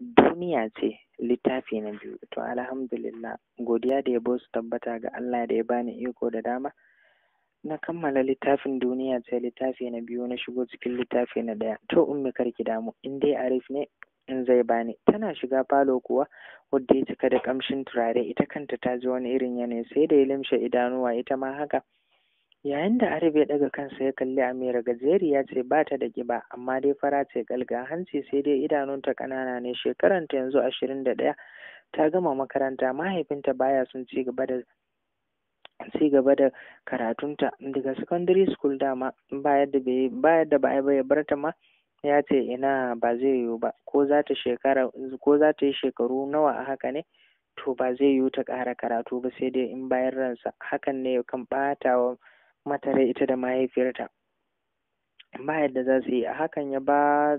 duniya ce littafi na biyu to alhamdulillah godiya da yabo su tabbata ga Allah da ya bani iko da dama na kammala littafin duniya ce littafi na biyu na shigo cikin littafi na ɗaya, to ummi karki damu in dai arif ne in zai bani tana shiga falo kuwa wadda ya cika da ƙamshin turare ita kanta ta ji wani irin yanayi sai da ya limshe idanuwa ita ma haka yayin da arif ya daga kansa ya kalli amira gajeriya ce ba ta da kiba amma dai fara ce galga hanci sai dai idanunta kanana ne shekaranta yanzu ashirin da ɗaya ta gama makaranta mahaifinta baya sun ci gaba da sai gaba da karatunta daga secondary school dama ba yadda ba ya bar ma ya ce ina ba zai yiwu ba ko za ta yi shekaru nawa a haka ne to ba zai yiwu ta kara karatu ba sai dai in bayan ransa hakan ne kan ɓata wa mata ita da mahaifiyarta ba yadda za su yi a hakan ya ba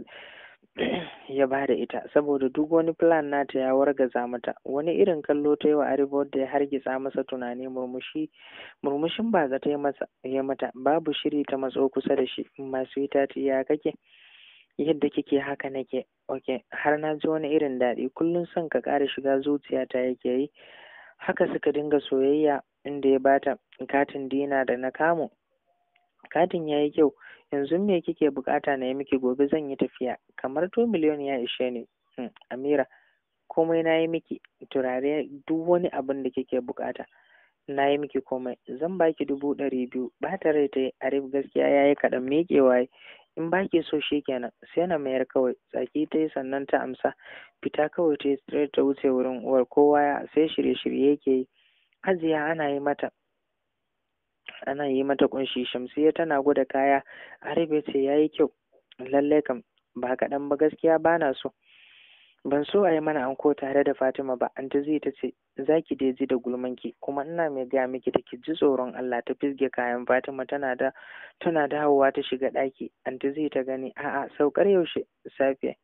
ya ba da ita saboda duk wani plan nata ya wargaza mata wani irin kallo ta yi wa aribot da ya hargitsa masa tunani murmushi murmushin ba za ta yi mata babu shiri ta matso kusa da shi masu itati ya kake yadda kike haka nake ok har na ji wani irin daɗi kullum son ka ƙara shiga zuciyata yake yi haka suka dinga soyayya inda ya bata katin dina da na kamu katin yayi kyau yanzu me kike bukata na yi miki gobe zan yi tafiya kamar 2 miliyon ya ishe ni hmm. amira komai na yi miki turare duk wani abin da kike bukata na yi miki komai zan baki dubu ɗari biyu bata rai ta yi. arif gaskiya ya yi kaɗan miƙewa in baki so shi kenan sai na mayar kawai tsaki ta yi sannan ta amsa fita kawai ta yi ta wuce wurin uwar kowa sai shirye-shirye yake yi Ajiya ana yi mata ana yi mata kunshi shamsiya tana gwada kaya arabe ce yi kyau lalle kam ba kaɗan ba gaskiya ba na so ban so a yi mana anko tare da fatima ba anti zai ta ce za ki dai ji da gulmanki kuma ina mai gaya miki da ki ji tsoron allah ta fisge kayan fatima tana da tana dawowa ta shiga ɗaki anti zai ta gani a'a saukar yaushe safiya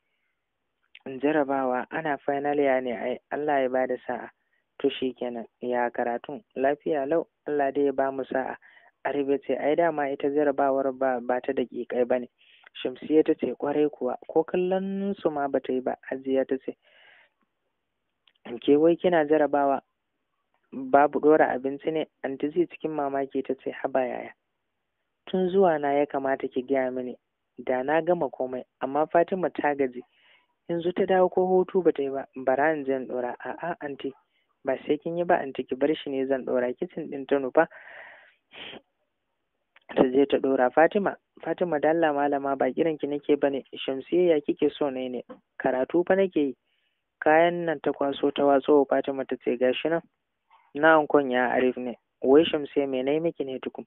jarabawa ana final ya ne ai allah ya bada sa'a to kenan ya karatun lafiya lau Allah dai ya ba mu sa'a arbe ce ai dama ita jarabawar ba ba ta daƙiƙai ba ne shamsiya ta ce kwarai kuwa ko kallon su ma ba ta yi ba ajiya ta ce ke wai kina jarabawa babu ɗora abinci ne anti zai cikin mamaki ta ce haba yaya tun zuwa na ya kamata ki gaya mini da na gama komai amma Fatima ta gaji yanzu ta dawo ko hutu ba ta yi ba bara in je in ɗora a'a anti ba sai kin yi ba anti ki bar shi ne zan ɗora kicin ɗin ta nufa ta je ta ɗora fatima fatima da Allah malama ba kiran ki nake bane shamsiyya kike so ne ne karatu fa nake yi kayan nan ta kwaso ta watso fatima ta ce gashi nan na ankon ya arif ne wai shamsiyya me nayi miki ne tukun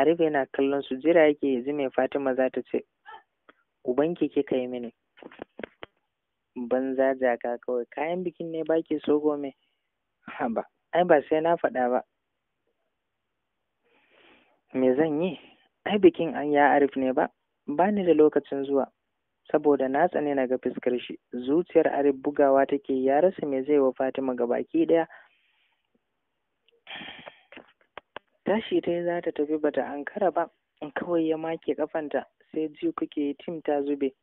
arif yana kallon su jira yake yanzu me fatima za ta ce ubanki kika yi mini banza jaka kawai kayan bikin ne baki so gome haba ai ba sai na faɗa ba me zan yi ai bikin an ya arif ne ba ba ni da lokacin zuwa saboda na tsane na ga fuskar shi zuciyar arif bugawa take ya rasa me zai wa fatima ga baki ɗaya. tashi ta yi za ta tafi bata ankara ba kawai ya make kafanta sai ji kuke tim ta zube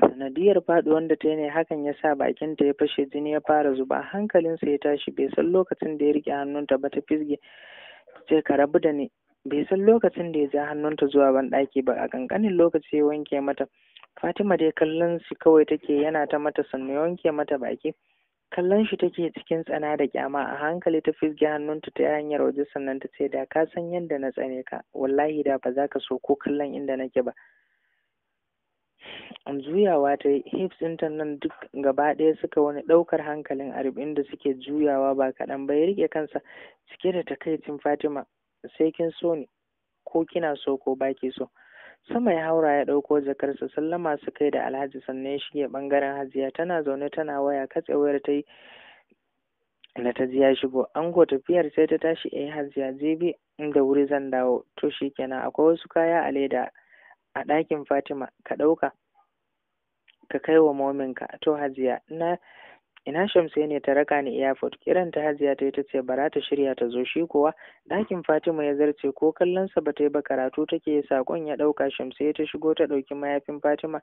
sanadiyar faduwan da ta yi ne hakan ya sa bakinta ya fashe jini ya fara zuba hankalinsa ya tashi bai san lokacin da ya rike hannunta ba ta fisge ce ka rabu da ni bai san lokacin da ya ja hannunta zuwa ban ɗaki ba a kankanin lokaci ya wanke mata fatima dai kallon shi kawai take yana ta mata sannu ya wanke mata baki kallon shi take cikin tsana da kyama a hankali ta fisge hannunta ta hanyar waje sannan ta ce da ka san yadda na tsane ka wallahi da ba za ka so ko kallon inda nake ba juyawa ta hips ta nan duk gaba ɗaya suka wani ɗaukar hankalin arif da suke juyawa ba kaɗan bai rike kansa cike da takaicin fatima sai kin so ne ko kina so ko ba ki so sama ya haura ya ɗauko jakarsa sallama su kai da alhaji sannan ya shige ɓangaren hajiya tana zaune tana waya katse wayar ta yi da ta ji ya shigo ango tafiyar sai ta tashi yi eh, hajiya jibi inda wuri zan dawo to shikenan akwai wasu kaya a leda a ɗakin Fatima ka ɗauka ka kai wa ka, to hajiya ina ina shamsu ne ta raka ni airport kiran ta hajiya ta ta ce bara ta shirya ta zo shi kuwa ɗakin fatima ya zarce ko kallonsa ba ta yi ba karatu take sakon ya ɗauka ya ta shigo ta ɗauki mayafin fatima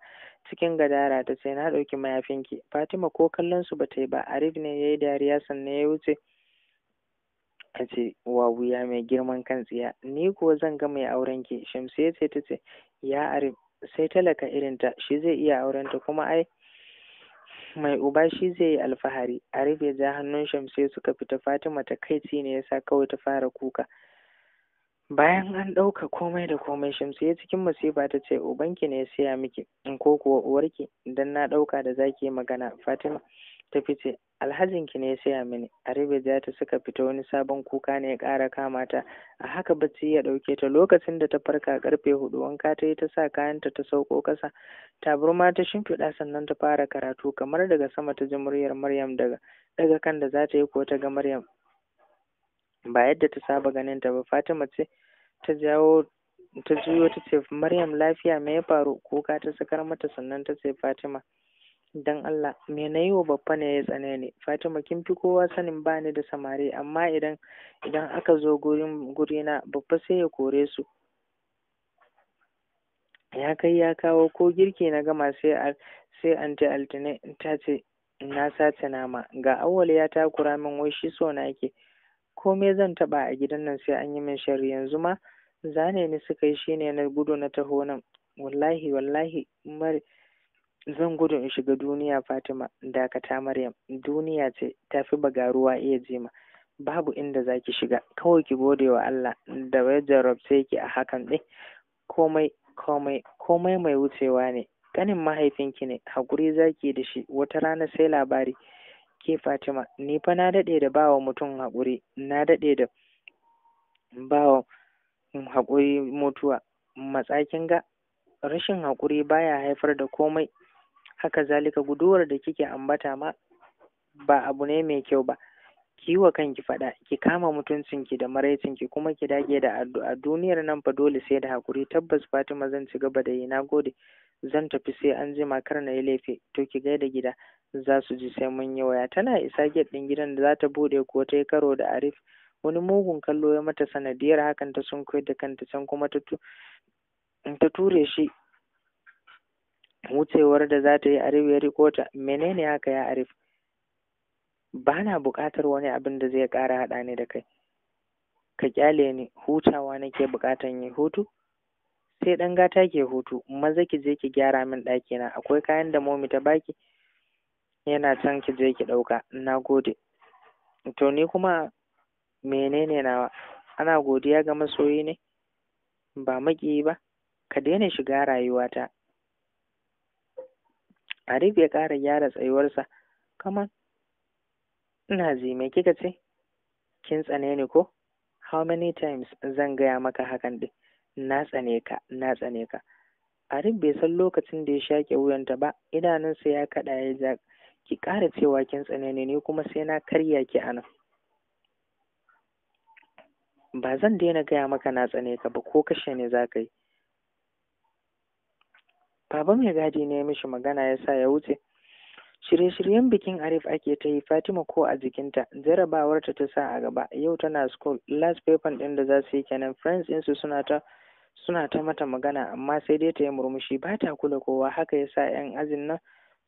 cikin gadara ta ce na ɗauki mayafin ki fatima ko kallonsu ba ta yi ba arif ne ya yi dariya sannan ya wuce a ce wa wuya mai girman kan tsiya ni kuwa zan ga mai auren ki ya ce ta ce ya arif sai talaka irinta shi zai iya aurenta kuma ai mai uba shi zai yi alfahari arif ya ja hannun shamsiyya suka fita fatima ta kai ne yasa kawai ta fara kuka bayan an ɗauka komai da komai shamsiyya cikin masifa ta ce ubanki ne ya saya miki in ko kuwa uwarki don na ɗauka da zaki yi magana fatima ta fice ki ne ya saya mini za ta suka fita wani sabon kuka ne ya kara kamata a haka bacci ya ɗauke ta lokacin da ta farka karfe hudu wanka ta yi ta sa kayanta ta sauko kasa taburma ta shimfiɗa sannan ta fara karatu kamar daga sama ta ji muryar maryam daga daga kan da za ta yi ko ta ga maryam ba yadda ta saba ganin ta ba fatima ce ta jawo ta juyo ta ce maryam lafiya me ya faru kuka ta sakar mata sannan ta ce fatima Dan Allah me na yi wa babba ne ya tsane ne Fatima kin fi kowa sanin ba ni da samari amma idan idan aka zo gurin gurina babba sai ya kore su ya kai ya kawo ko girki na gama sai sai anti altine ta ce na sace nama ga awwal ya takura min wai shi so na yake me zan taba a gidan nan sai an yi min sharri yanzu ma zane ni suka yi shine na gudu na taho nan wallahi wallahi zan gudu in shiga duniya fatima dakata maryam duniya ce ta tafi bagaruwa iya jima babu inda zaki shiga kawai ki gode wa Allah da bai jarabce ki a hakan ɗin komai komai komai mai wucewa ne ƙanin mahaifinki ne hakuri zaki da shi wata rana sai labari ke fatima ni fa na daɗe da bawa mutum hakuri na daɗe da bawa hakuri mutuwa matsakin ga rashin hakuri baya haifar da komai haka zalika guduwar da kike ambata ma ba abu ne mai kyau ba ki yi wa kanki faɗa ki kama mutuncinki da maraicinki kuma ki dage da addu'a duniyar nan fa dole sai da hakuri tabbas Fatima zan ci gaba da yi nagode zan tafi sai an jima kar na yi laifi to ki gaida gida za su ji sai mun yi waya tana isa gate ɗin gidan da za ta buɗe ko ta yi karo da Arif wani mugun kallo ya mata sanadiyar hakan ta sun da kanta can kuma ta ture shi wucewar da za ta yi Arif ya riko ta menene haka ya Arif ba na buƙatar wani abin da zai ƙara haɗa ni da kai ka kyale ni hutawa nake buƙatar yi hutu sai ɗan gata ke hutu maza ki je ki gyara min ɗakina akwai kayan da momi ta baki yana can ki je ki ɗauka na gode to ni kuma menene nawa ana godiya ga masoyi ne ba maƙiyi ba ka daina shiga rayuwata a ya ƙara gyara tsayuwarsa. Kaman ina ji kika ce? Kin tsane ni ko? How many times zan gaya maka hakan ɗin? Na tsane ka, na tsane ka. bai san lokacin da ya shaƙe wuyanta ba, idanunsa ya kaɗa ya ja ki ƙara cewa kin tsane ni ne kuma sai na karya ki anan. Ba zan daina gaya maka na tsane ka ba ko kashe ne za ka yi. baba mai gadi ne mishi magana ya sa ya wuce shirye-shiryen bikin arif ake ta yi fatima ko a jikinta jarabawarta ta sa a gaba yau tana school last paper ɗin da za su yi kenan friends su suna ta suna ta mata magana amma sai dai ta yi murmushi ba ta kula kowa haka ya sa 'yan azin nan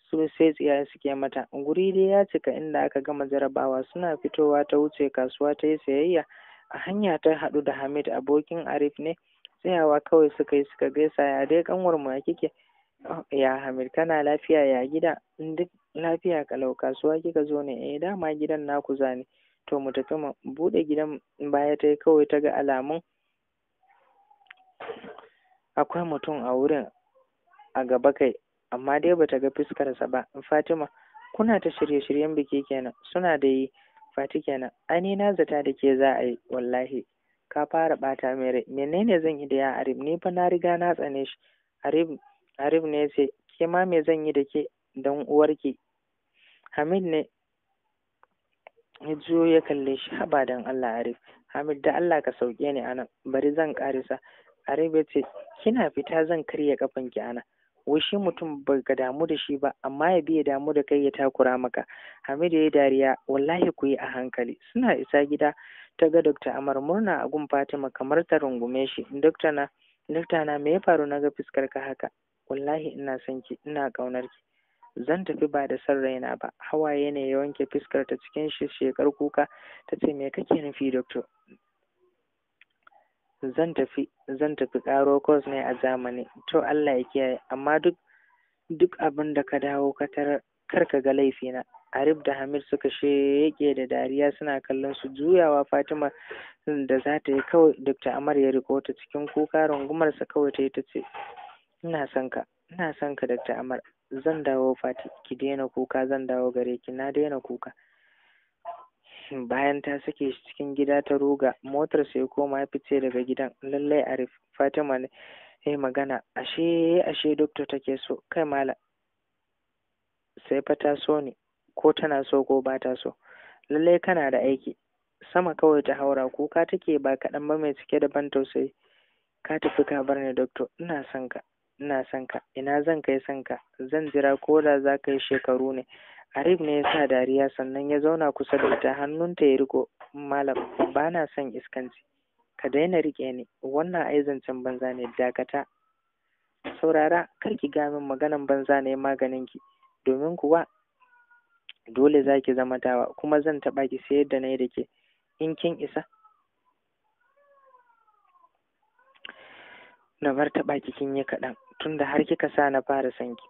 su sai tsiya suke mata guri dai ya cika inda aka gama jarabawa suna fitowa ta wuce kasuwa ta yi sayayya a hanya ta haɗu da hamid abokin arif ne tsayawa kawai suka yi suka gaisa ya dai kanwar mu kike Ya Hamid, kana lafiya ya gida? Duk lafiya kalau kasuwa kika zo ne? Eh dama gidan naku zane. To mu tafi mu buɗe gidan baya ta kawai ta ga alamun akwai mutum a wurin a gaba kai amma dai bata ga fuskarsa ba. Fatima, kuna ta shirye-shiryen biki kenan suna da yi fati kenan. ani na zata da ke za a yi wallahi. Ka fara ɓata mere Menene zan yi da ya Arif? Ni fa na riga na tsane shi. Arif Arif ne ya ce, Ke ma me zan yi da ke don uwarki? Hamid ne ya juyo ya kalle shi haba don Allah Arif. Hamid da Allah ka sauke ni anan, bari zan karisa. Arif ya ce, Kina fita zan karya ki anan. Wishi mutum ba ka damu da shi ba, amma ya biya damu da kai ya takura maka. Hamid ya yi dariya, wallahi ku yi a hankali. Suna isa gida ta ga Dokta Amar murna a gun Fatima kamar ta rungume shi. Dokta na, Dokta na me ya faru na ga fuskar ka haka? wallahi ina son ki ina ƙaunar ki zan tafi ba da san raina ba hawaye ne ya wanke fuskar ta cikin shekar kuka ta ce me kake nufi doctor zan tafi zan tafi ƙaro course ne a zamani to Allah ya kiyaye amma duk duk abin da ka dawo ka tarar kar ka ga laifi laifina Arif da Hamid suka sheke da dariya suna kallon su juyawa Fatima da za ta yi kawai Dr. Amar ya riko ta cikin kuka rungumar sa kawai ta ta ce ina son ka ina son ka dakta Amar zan dawo Fati ki daina kuka zan dawo gare ki na daina kuka bayan ta sake shi cikin gida ta ruga motar sai koma ya fice daga gidan lallai a Fatima ne eh magana ashe ashe doctor take so kai mala sai fa ta so ne ko tana so ko ba ta so lallai kana da aiki sama kawai ta haura kuka take ba kaɗan ba mai cike da ban tausayi ka tafi ka bar ni doctor ina son ka ina son ka ina zan kai son ka zan jira ko da za ka yi shekaru ne arif ne ya sa dariya sannan ya zauna kusa da ita hannunta ya riko malam ba na son iskanci ka daina riƙe ni wannan ai zancen banza ne dakata saurara kar ki ga min maganan banza ne maganin ki domin kuwa dole za ki zama tawa kuma zan taɓa ki sayar da na yi da ke in kin isa na bar taɓa kikin yi kaɗan tunda har kika sa na fara son ki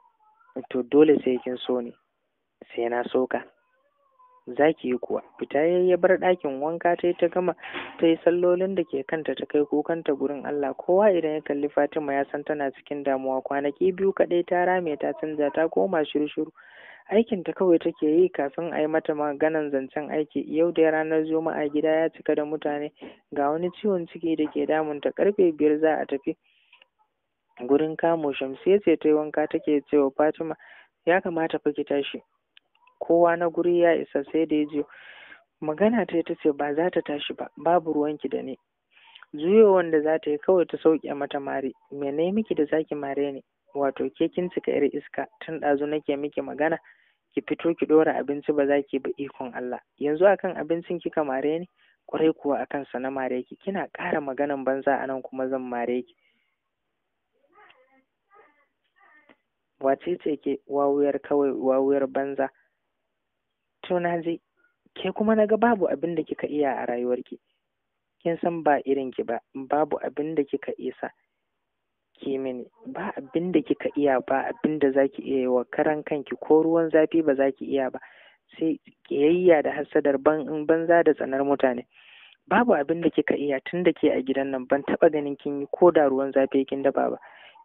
to dole sai kin so ne sai na soka za ki yi kuwa fita ya ya bar ɗakin wanka ta yi ta gama ta yi sallolin da ke kanta ta kai kukanta gurin Allah kowa idan ya kalli Fatima ya san tana cikin damuwa kwanaki biyu kaɗai ta rame ta canza ta koma shiru-shiru aikin ta kawai take yi kafin a yi mata maganan zancen aiki yau da ranar juma'a gida ya cika da mutane ga wani ciwon ciki da ke damunta karfe biyar za a tafi gurin kamo Shamsiyya ce ta wanka take cewa Fatima ya kamata fa ki tashi kowa na guri ya isa sai da ya je magana ta ta ce ba za ta tashi ba babu ruwan ki da ni juyo wanda za ta yi kawai ta sauke mata mari me ne miki da zaki mare ni wato ke kin cika yar iska tun ɗazu nake miki magana ki fito ki ɗora abinci ba za ki ba ikon Allah yanzu akan abincin kika mare ni kwarai kuwa akan sa na mare ki kina ƙara maganan banza anan kuma zan mare ki wace ce ke wawuyar kawai wawuyar banza to na je ke kuma na ga babu abin da kika iya a rayuwarki kin san ba irin ki ba babu abin da kika isa ki mini ba abin da kika iya ba abin da zaki iya yi wa karan kanki ko ruwan zafi ba zaki iya ba sai kiyayya da hasadar ban banza da tsanar mutane babu abin da kika iya tun da ke a gidan nan ban taba ganin kin yi ko da ruwan zafi kin dafa ba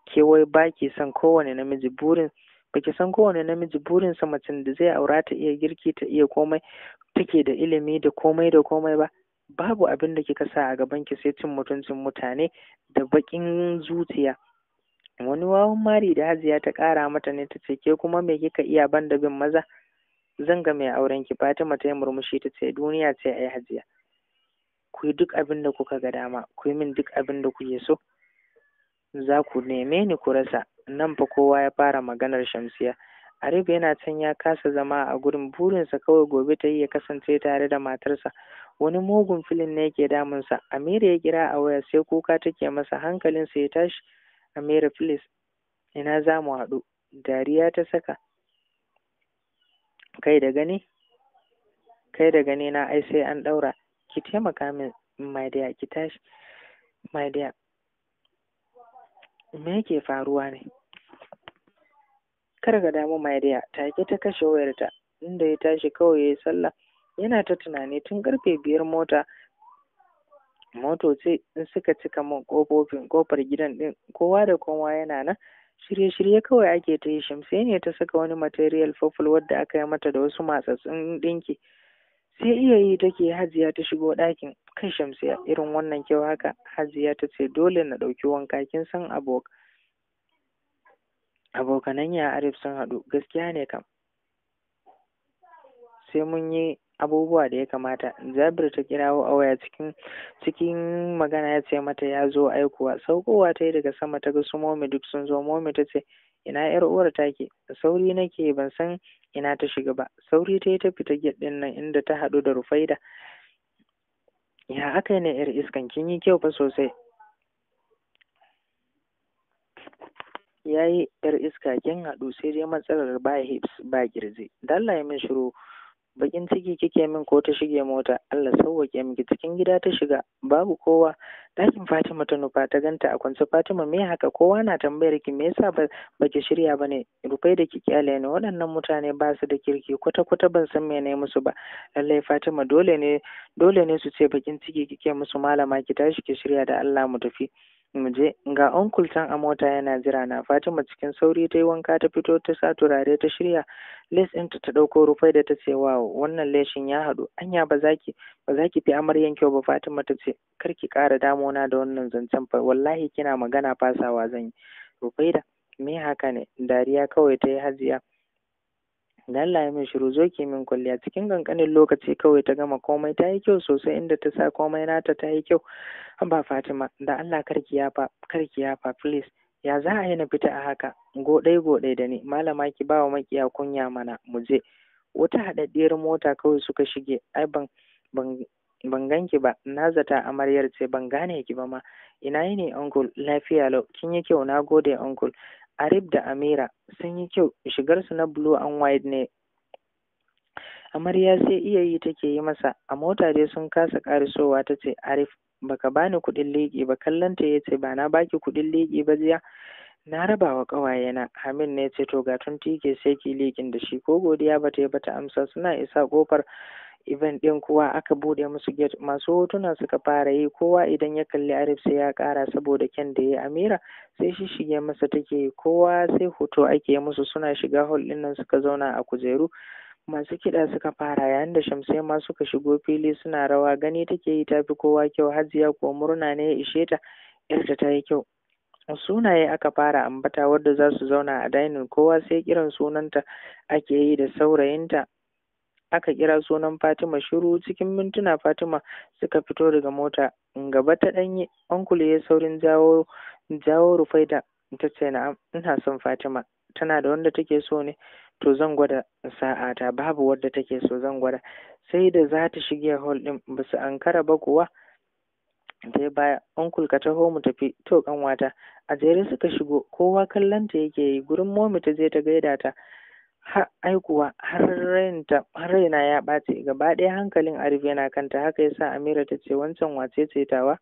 ke wai ba ki san kowane namiji burin baki san kowane namiji burinsa macen da zai aura ta iya girki ta iya komai take da ilimi da komai da komai ba babu abin da kika sa a gaban ki sai cin mutuncin mutane da bakin zuciya wani wawan mari da hajiya ta kara mata ne ta ce ke kuma me kika iya ban da bin maza zanga mai auren ki fatima ta yi murmushi ta ce duniya ce ai hajiya ku yi duk abin da kuka ga dama ku yi min duk abin da kuke so za ku neme ni ku rasa nan fa kowa ya fara maganar shamsiya Arif yana can ya kasa zama a gurin burinsa kawai gobe ta yi ya kasance tare da matarsa wani mugun filin ne yake damunsa Amira ya kira a waya sai kuka take masa hankalinsa ya tashi Amira please ina za mu haɗu dariya ta saka kai da gani kai da gani na ai sai an ɗaura ki taimaka min my dear ki tashi my dear me yake faruwa ne kar ka damu my dear take ta kashe wayarta inda ya tashi kawai yayi sallah yana ta tunani tun karfe biyar mota ce in suka cika min kofofin kofar gidan din kowa da kowa yana nan shirye-shirye kawai ake ta yi shamsai ne ta saka wani material purple wadda aka yi mata da wasu matsatsun ɗinki sai iya yi take hajiya ta shigo ɗakin kan shamsiya irin wannan kyau haka hajiya ta ce dole na ɗauki wanka kin san abok abokanan ya arif sun haɗu gaskiya ne kam sai mun yi abubuwa da ya kamata jabir ta kirawo a cikin cikin magana ya ce mata ya zo aikuwa saukowa ta yi daga sama ta ga su momi duk sun zo momi ta ce ina yar uwar take sauri nake ban san ina ta shiga ba sauri ta yi ta fita gate nan inda ta haɗu da rufaida ya aka yi na yar iskan kin yi kyau fa sosai ya yi yar iska kin haɗu sai dai matsalar ba hips ba girji dalla ya min shiru bakin ciki kike min ko ta shige mota Allah sauwake miki cikin gida ta shiga babu kowa ɗakin Fatima ta nufa ta ganta a kwance Fatima me haka kowa na tambayar ki me yasa ba baki shirya bane rufai da ki kyale ne waɗannan mutane ba su da kirki kwata kwata ban san me ne musu ba lallai Fatima dole ne dole ne su ce bakin ciki kike musu malama ki tashi ki shirya da Allah mu tafi Muje, ga uncle can a mota yana jira na Fatima cikin sauri ta yi wanka ta fito ta sa turare ta shirya les ɗinta ta ɗauko rufai da ta ce wa wannan leshin ya haɗu anya ba za fi amaryan kyau ba Fatima ta ce kar ki ƙara damuna da wannan zancen fa wallahi kina magana fasawa zan yi rufai da me haka ne dariya kawai ta yi hajiya da Allah ya min shiru zo ki min kwalliya cikin kankanin lokaci kawai ta gama komai ta yi kyau sosai inda ta sa komai nata ta yi kyau ba Fatima da Allah karki fa karki fa please ya za a yi na fita a haka go godai da ni malama ki ba wa makiya kunya mana mu je wata haɗaɗɗiyar mota kawai suka shige ai ban ban ban ganki ba na zata amaryar ce ban gane ki ba ma ina yi ne uncle lafiya lau kin yi kyau na gode uncle Arif da Amira sun yi kyau shigarsu na blue and white ne amarya sai iyayi yi take yi masa a mota dai sun kasa ƙarisowa ta ce arif baka bani kuɗin leƙi ba kallon ta ya ce ba na baki kuɗin leƙi ba jiya na raba wa na amin ne ce to ga tun tike sai ki leƙin da shi ko godiya ba ta yi ba ta amsa suna isa ƙofar event ɗin kuwa aka buɗe musu gate masu hotuna suka fara yi kowa idan ya kalli Arif sai ya ƙara saboda kyan da ya Amira sai shi shige masa take kowa sai hoto ake musu suna shiga hall ɗin nan suka zauna a kujeru masu kiɗa suka fara yayin da shamsai ma suka shigo fili suna rawa gani take yi tafi kowa kyau hajiya ko murna ne ya ishe ta yarta ta yi kyau sunaye aka fara ambata wadda za su zauna a dainin kowa sai kiran sunanta ake yi da saurayinta aka kira sunan Fatima shiru cikin mintuna Fatima suka fito daga mota gaba ta ɗanye onkule ya saurin jawo jawo rufaida ta ce na'am ina son Fatima tana da wanda take so ne to zan gwada sa'a ta babu wanda take so zan gwada sai da za ta shige hall din ba su ankara ba kuwa ta baya onkul ka taho mu tafi to kanwata a jere suka shigo kowa kallon ta yake yi gurin momi ta je ta gaida ta Har aikuwa har raina ya ɓace, gaba ɗaya hankalin arbi yana kanta haka yasa Amira ta ce wancan wace ce tawa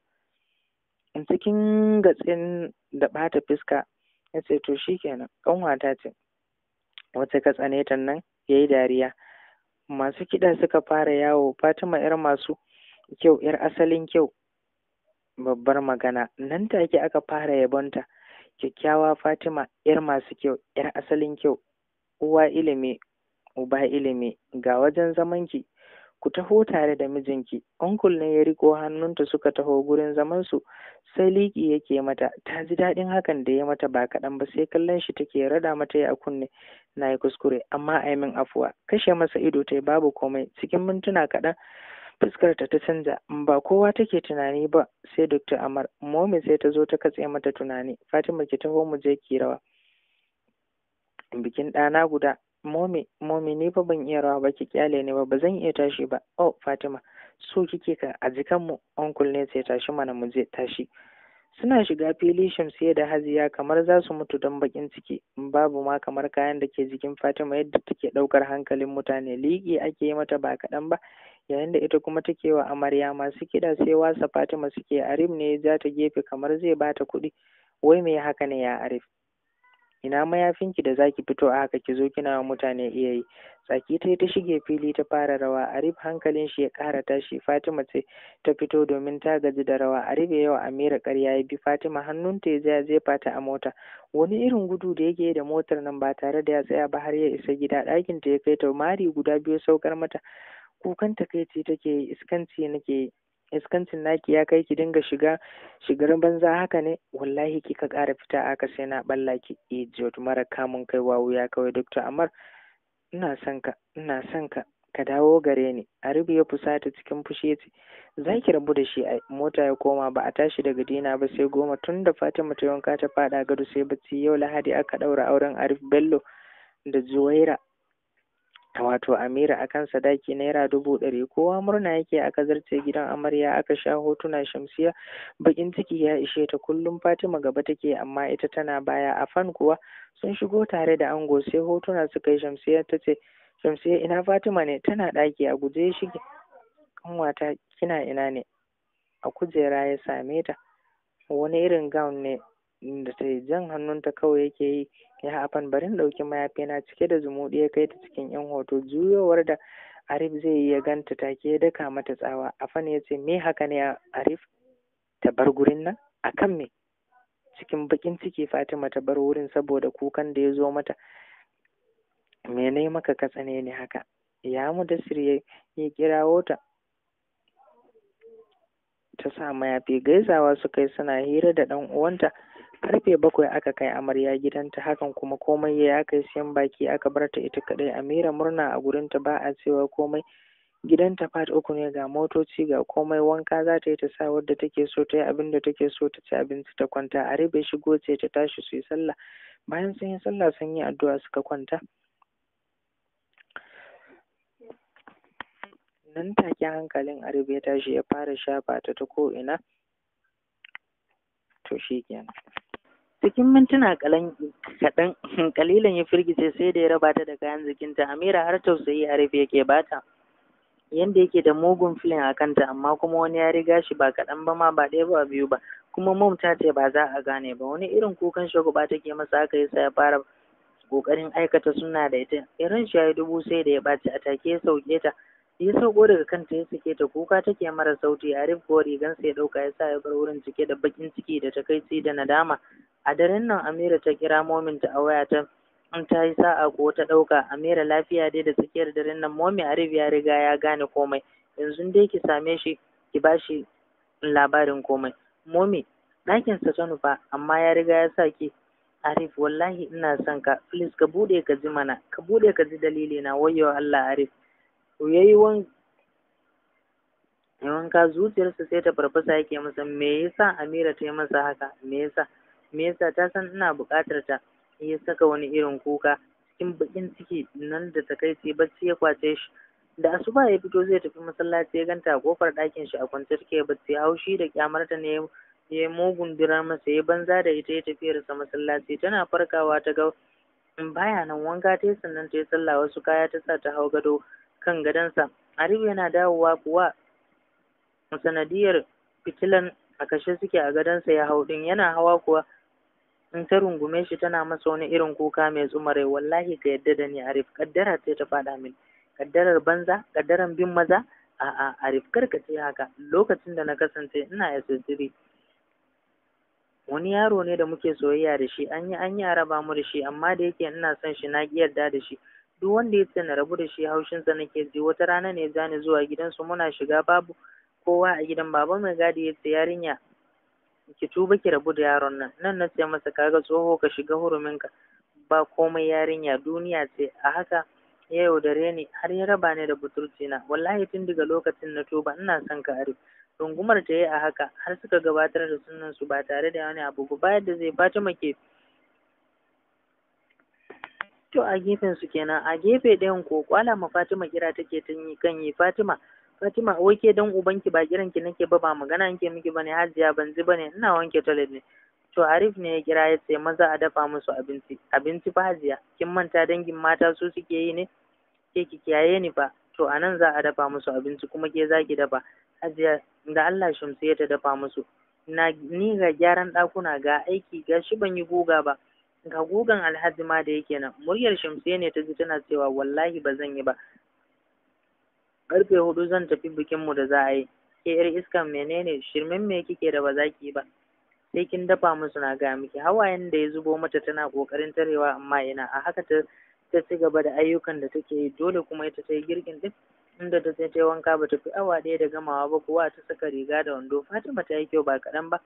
cikin gatsin da ɓata fuska ya ce to shikenan ƙanwata ce wace ka tsane ta nan ya yi dariya masu kiɗa suka fara yawo Fatima ‘yar masu kyau ‘yar asalin kyau babbar magana nan take aka fara yabonta kyakkyawa Fatima ‘yar masu kyau ‘yar asalin kyau uwa ilimi uba ilimi ga wajen zamanki ku taho tare da mijinki onkul ne ya riko hannunta suka taho gurin zamansu sai liki yake mata ta ji daɗin hakan da ya mata ba kaɗan ba sai kallon shi take rada mata ya kunne na yi kuskure amma a min afuwa kashe masa ido ta babu komai cikin mintuna kaɗan fuskarta ta canza ba kowa take tunani ba sai dr amar momi sai ta zo ta katse mata tunani fatima ki taho mu je ki rawa bikin ɗana guda momi momi ni fa ban iya rawa ba ki kyale ne ba ba zan iya tashi ba oh fatima so kike ka a jikan mu uncle ne sai tashi mana mu je tashi suna shiga fili shamsiya da haziya kamar za su mutu don bakin ciki babu ma kamar kayan da ke jikin fatima yadda take ɗaukar hankalin mutane liƙi ake yi mata ba kaɗan ba yayin da ita kuma take wa amarya masu kiɗa sai wasa fatima suke arif ne ya ta gefe kamar zai bata kuɗi wai me haka ne ya arif ina mayafinki da zaki fito a haka ki zo kina wa mutane iya yi tsaki ta ta shige fili ta fara rawa arif hankalin shi ya ƙara tashi fatima ce ta fito domin ta gaji da rawa arif ya yawa amira ƙarya ya bi fatima hannunta ya ja jefa ta a mota wani irin gudu da yake da motar nan ba tare da ya tsaya ba har ya isa gida ɗakin ta ya kai ta mari guda biyu saukar mata kukan takaici take yi iskanci nake yi iskancin naki ya kai ki dinga shiga shigarin banza haka ne wallahi kika ƙara fita aka sai na balla ki idiot mara kamun kai wawu ya kawai doctor amar ina son ka ina son ka ka dawo gare ni A ya fusata cikin fushi ya ce za ki rabu da shi a mota ya koma ba a tashi daga dina ba sai goma tun da fatima ta wanka ta faɗa gado sai bacci yau lahadi aka ɗaura auren arif bello da zuwaira wato Amira a kan sadaki naira dubu ɗari kowa murna yake aka zarce gidan amarya aka sha hotuna shamsiya bakin ciki ya ishe ta kullum Fatima gaba take amma ita tana baya a fan kuwa sun shigo tare da ango sai hotuna suka yi shamsiya ta ce shamsiya ina Fatima ne tana ɗaki a guje shi kanwata kina ina ne a kujera ya same ta wani irin gown ne da ta jan hannunta kawai yake yi ya hafan barin ɗauki mayafi na cike da zumuɗi ya kai ta cikin yan hoto juyowar da arif zai yi ya ganta take ya daka mata tsawa afan ya ce me haka ne arif ta bar gurin nan akan me cikin bakin ciki fatima ta bar wurin saboda kukan da ya zo mata me ne maka ka tsane ne haka ya mu da sirye ya kirawo ta ta sa mayafi gaisawa su kai suna hira da ɗan uwanta karfe bakwai aka kai amarya gidanta hakan kuma komai ya kai siyan baki aka bar ta ita kadai amira murna a gurinta ba a cewa komai gidanta fat uku ne ga motoci ga komai wanka za ta yi ta sa wadda take so ta yi abin da take so ta ci abinci ta kwanta a rabe shigo ce ta tashi su yi sallah bayan sun yi sallah sun yi addu'a suka kwanta nan take hankalin arabe ya tashi ya fara shafa ta ta ko ina to shi kenan cikin mintuna kaɗan kalilan ya firgice sai da ya raba ta da kayan jikinta amira har tausayi a rufe yake bata yanda yake da mugun filin a kanta amma kuma wani ya riga shi ba kaɗan ba ma ba ɗaya ba biyu ba kuma mom ta ce ba za a gane ba wani irin kukan shagwaba take masa aka yasa ya fara kokarin aikata suna da ita irin shi dubu sai da ya ɓaci a take ya sauke ta ya sauko daga kanta ya sake ta kuka take mara sauti a rufe ko rigansa ya ɗauka ya sa ya bar wurin cike da bakin ciki da takaici da nadama a daren nan amira ta kira ta a waya ta in ta yi sa'a ko ta ɗauka amira lafiya dai da tsakiyar daren nan momi arif ya riga ya gane komai yanzu dai ki same shi ki ba shi labarin komai momi ɗakinsa ta nufa amma ya riga ya sa ki Arif wallahi ina son ka please ka bude ka ji mana ka bude ka ji dalili na Wayewa Allah Arif yayi wan yawan ka zuciyarsa sai ta farfasa yake masa me yasa Amira ta yi masa haka me yasa me yasa ta san ina buƙatar ta ya saka wani irin kuka cikin bakin ciki nan da takaici bacci ya kwace shi da asuba ya fito zai tafi masallaci ya ganta a kofar ɗakin shi a kwance take bacci haushi da kyamarta ne ya yi mugun dira masa ya banza da ita ya tafiyarsa masallaci tana farkawa ta ga baya nan wanka ta yi sannan ta yi sallah wasu kaya ta sa ta hau gado kan gadonsa Arif yana dawowa kuwa sanadiyar fitilan a kashe suke a gadonsa ya hau din yana hawa kuwa in ta rungume shi tana masa wani irin kuka mai rai wallahi ka yadda da ni arif kaddara ce ta faɗa min kaddarar banza kaddaran bin maza a'a arif kar ka ce haka lokacin da na kasance ina ya sirri wani yaro ne da muke soyayya da shi an yi an yi araba mu da shi amma da yake ina son shi na ki yarda da shi duk wanda ya ce na rabu da shi haushinsa nake ji wata rana ne zani zuwa gidansu muna shiga babu kowa a gidan baba mai gadi ya ce yarinya ki tuba ki rabu da yaron nan nan na ce masa kaga tsoho ka shiga huruminka ba komai yarinya duniya ce a haka ya yaudare ni har ya raba ni da buturci na wallahi tun daga lokacin na tuba ina son ka are rungumar ta yi a haka har suka gabatar da sunan su ba tare da wani abu ba yadda zai Fatima ke to a gefen su kenan a gefe ɗayan ko kwala ma Fatima kira take tun yi kan yi Fatima Fatima wai ke dan ubanki ba kiran ki nake ba ba magana nake miki bane Hajiya ban ji bane ina wanke toilet ne to Arif ne ya kira ya ce maza a dafa musu abinci abinci fa Hajiya kin manta dangin mata su suke yi ne ke ki kiyaye ni fa to anan za a dafa musu abinci kuma ke za dafa Hajiya da Allah ya ta dafa musu na ni ga gyaran dakuna ga aiki ga shi ban yi guga ba ga gugan alhaji ma da yake nan muryar Shamsiyya ne ta ji tana cewa wallahi ba zan yi ba karfe hudu zan tafi bikin mu da za a yi. Ke ‘yar iska menene, shirmen me kike da ba za ki yi ba? Sai kin dafa musu na gaya miki. Hawayen da ya zubo mata tana kokarin tarewa amma ina a haka ta ta ci gaba da ayyukan da take yi dole kuma ita ta yi girkin din inda ta sai ta yi wanka ba ta fi awa ɗaya da gamawa ba kuwa ta saka riga da wando Fatima ta yi kyau ba kaɗan ba.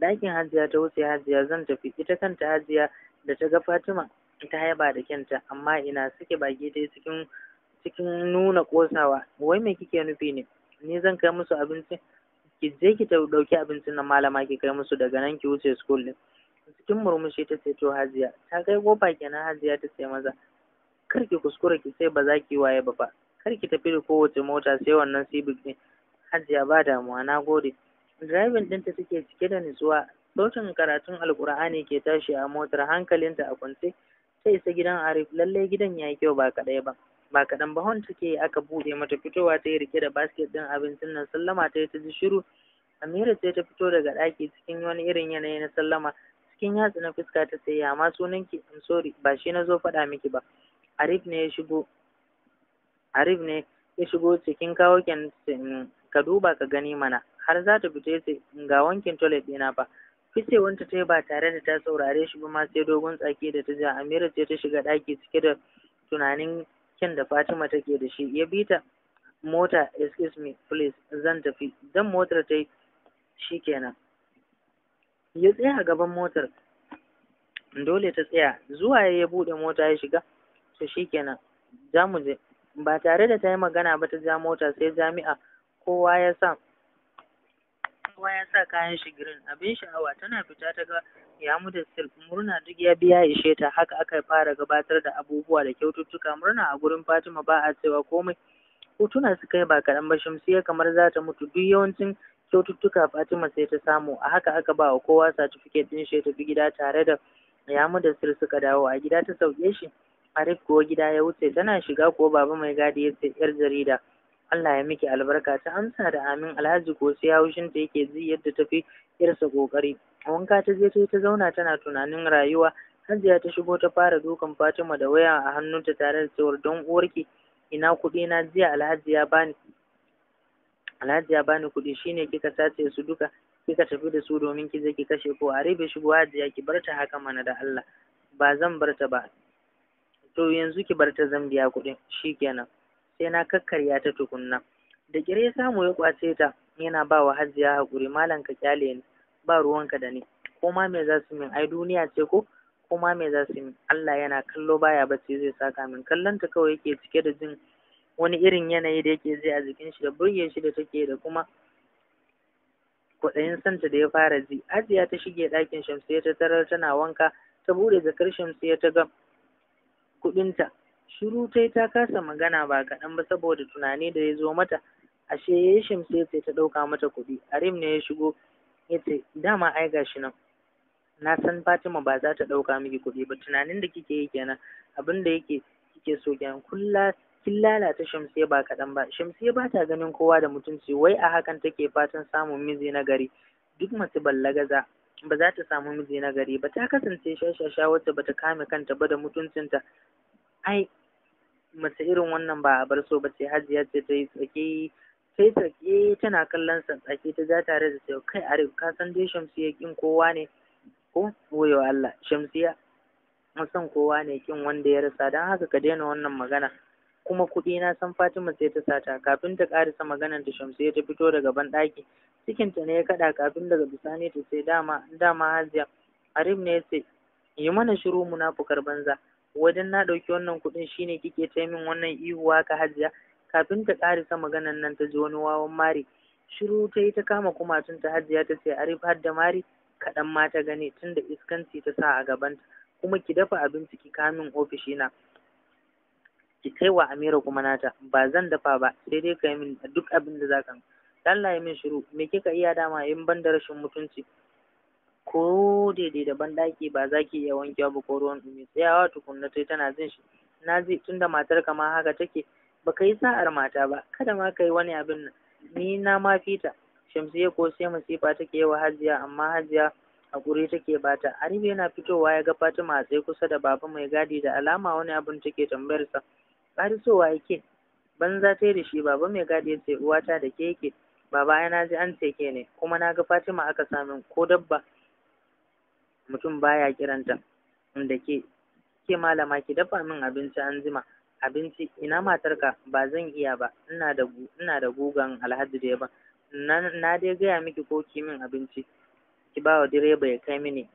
Ɗakin Hajiya ta wuce Hajiya zan tafi ita kanta Hajiya da ta ga Fatima ta haiba da kyanta amma ina suke baki dai cikin cikin nuna kosawa, wai me kike nufi ne ni zan kai musu abinci ki je ki ɗauki abincin nan malama ki kai musu daga nan ki wuce school din cikin murmushi ta ce to hajiya ta kai kofa kenan hajiya ta ce maza kar ki kuskura ki sai ba za ki waye ba fa kar ki tafi da kowace mota sai wannan civic din hajiya ba damuwa na gode driving ɗinta take cike da nutsuwa sautin karatun alkur'ani ke tashi a motar hankalinta a kwance ta isa gidan arif lallai gidan ya kyau ba kaɗai ba ba kaɗan ba hon take aka buɗe mata fitowa ta yi rike da basket ɗin abincin nan sallama ta yi ta ji shiru amira ce ta fito daga ɗaki cikin wani irin yanayi na sallama cikin yatsa na fuska ta sai amma sunan ki I'm sorry ba shi na zo faɗa miki ba Arif ne ya shigo Arif ne ya shigo cikin kawo ka duba ka gani mana har za ta fito ce, ga wankin toilet ɗina Fice wanta ta ba tare da ta saurare shi ba ma sai dogon tsaki da ta ja Amira ce ta shiga ɗaki cike da tunanin kyan da Fatima take da shi ya bi ta mota excuse me please zan tafi dan motar ta shi ya tsaya gaban motar dole ta tsaya zuwa ya buɗe mota ya shiga to shi kenan za mu je ba tare da ta yi magana ba ta ja mota sai jami'a kowa ya san. kowa ya sa kayan shi green abin sha'awa tana fita ta ga yamu da silk murna duk ya biya ishe ta haka aka fara gabatar da abubuwa da kyaututtuka murna a gurin Fatima ba a cewa komai hotuna su kai ba kaɗan ba shamsiya kamar za ta mutu duk yawancin kyaututtuka Fatima sai ta samu a haka aka ba wa kowa certificate din shi ta bi gida tare da yamu da silk suka dawo a gida ta sauke shi Arif ko gida ya wuce tana shiga ko baba mai gadi ya ce yar jarida Allah ya miki albarka ta amsa da amin alhaji ko sai haushin ta yake ji yadda ta fi irsa kokari wanka ta je ta zauna tana tunanin rayuwa hajiya ta shigo ta fara dukan fatima da waya a hannunta tare da cewar don uwarki ina kuɗi na jiya alhaji ya bani alhaji ya bani kuɗi shine kika sace su duka kika tafi da su domin ki je ki kashe ko a rabe shigo hajiya ki barta haka mana da Allah ba zan barta ba to yanzu ki barta zan biya kuɗin shikenan sai na kakkarya ta tukunna da kire ya samu ya kwace ta yana ba wa hajiya hakuri malam ka kyale ni ba ruwanka da ni ko ma me za su min ai duniya ce ko ko ma me za su min Allah yana kallo baya bacci zai saka min kallon ta kawai yake cike da jin wani irin yanayi da yake zai a jikin shi da burge shi da take da kuma kwaɗayin santa da ya fara ji ajiya ta shige ɗakin shamsiya ta tarar tana wanka ta bude jakar shamsiya ta ga kuɗinta shiru ta ta kasa magana ba kaɗan ba saboda tunani da ya zo mata ashe ya yi shimse sai ta ɗauka mata kuɗi arim ne ya shigo ya ce dama ai gashi nan na san fatima ba za ta ɗauka miki kuɗi ba tunanin da kike yi kenan abin da yake kike so kenan kulla kin lalata shamsiya ba kaɗan ba shamsiya ba ta ganin kowa da mutunci wai a hakan take fatan samun miji na gari duk mace ballagaza ba za ta samu miji na gari ba ta kasance shashasha wacce ba ta kame kanta ba da mutuncinta ai mace irin wannan ba a bar so ba ce hajiya ce ta yi tsaki sai tsaki tana kallon sa tsaki ta ja tare da cewa kai arif ka san dai shamsiya kin kowa ne ko wayo Allah shamsiya san kowa ne kin wanda ya rasa don haka ka daina wannan magana kuma kuɗi na san Fatima sai ta sata kafin ta karisa maganar ta shamsiya ta fito daga ban ɗaki cikinta ne ya kaɗa kafin daga bisani ta sai dama dama hajiya arif ne ya ce yi mana shiru munafukar banza wajen na ɗauki wannan kuɗin shine kike ta min wannan ihu ka hajiya kafin ta ƙarisa maganan nan ta ji wani wawan mari shiru ta yi ta kama kumatun ta hajiya ta ce arif har da mari kaɗan ma ta gani tunda iskanci ta sa a gabanta kuma ki dafa abinci ki kamin ofishina ki kai wa amira kuma nata ba zan dafa ba sai dai ka yi min duk abin da za ka Allah ya min shiru me kika iya dama in ban da rashin mutunci ko daidai da banɗaki ba za ki iya wankewa ba ko ruwan ɗumi tsayawa tukunna tai tana jin shi na ji tunda matar ka ma haka take baka yi sa'ar mata ba kada ma ka yi wani abin nan ni na ma fita ya ko sai masifa take yawa hajiya amma hajiya a hakuri take bata Aribe yana fitowa ya ga Fatima a tsaye kusa da baba mai gadi da alama wani abin take tambayar sa ƙarisowa yake banza ta da shi baba mai gadi ya ce uwata da ke yake baba ya na ji an ce ke ne kuma na ga Fatima aka samin ko dabba mutum baya kiranta Inda ke ke malama ki dafa min abinci an jima abinci ina matarka ba zan iya ba ina da ina da gugan alhaji da yaba na, na dai gaya miki ko ki min abinci ki ba wa direba ya kai mini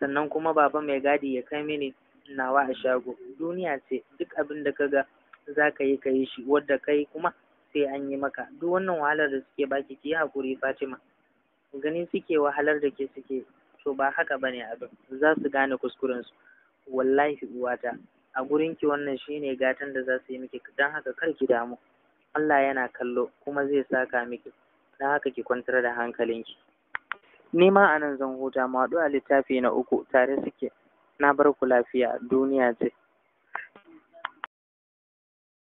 sannan kuma baba mai gadi ya kai mini nawa a shago duniya ce duk abin da kaga za ka yi ka yi shi wadda kai kuma sai an yi maka duk wannan wahalar da suke baki ki yi hakuri, fatima gani suke wahalar da ke suke so ba haka ba ne abin za su gane kuskurensu? wallahi uwata a gurinki ki wannan ne gatan da za su yi miki don haka kar ki damu Allah yana kallo kuma zai saka miki don haka ki kwantar da hankalinki ni ma anan zan huta ma a littafi na uku tare suke na barku ku lafiya duniya ce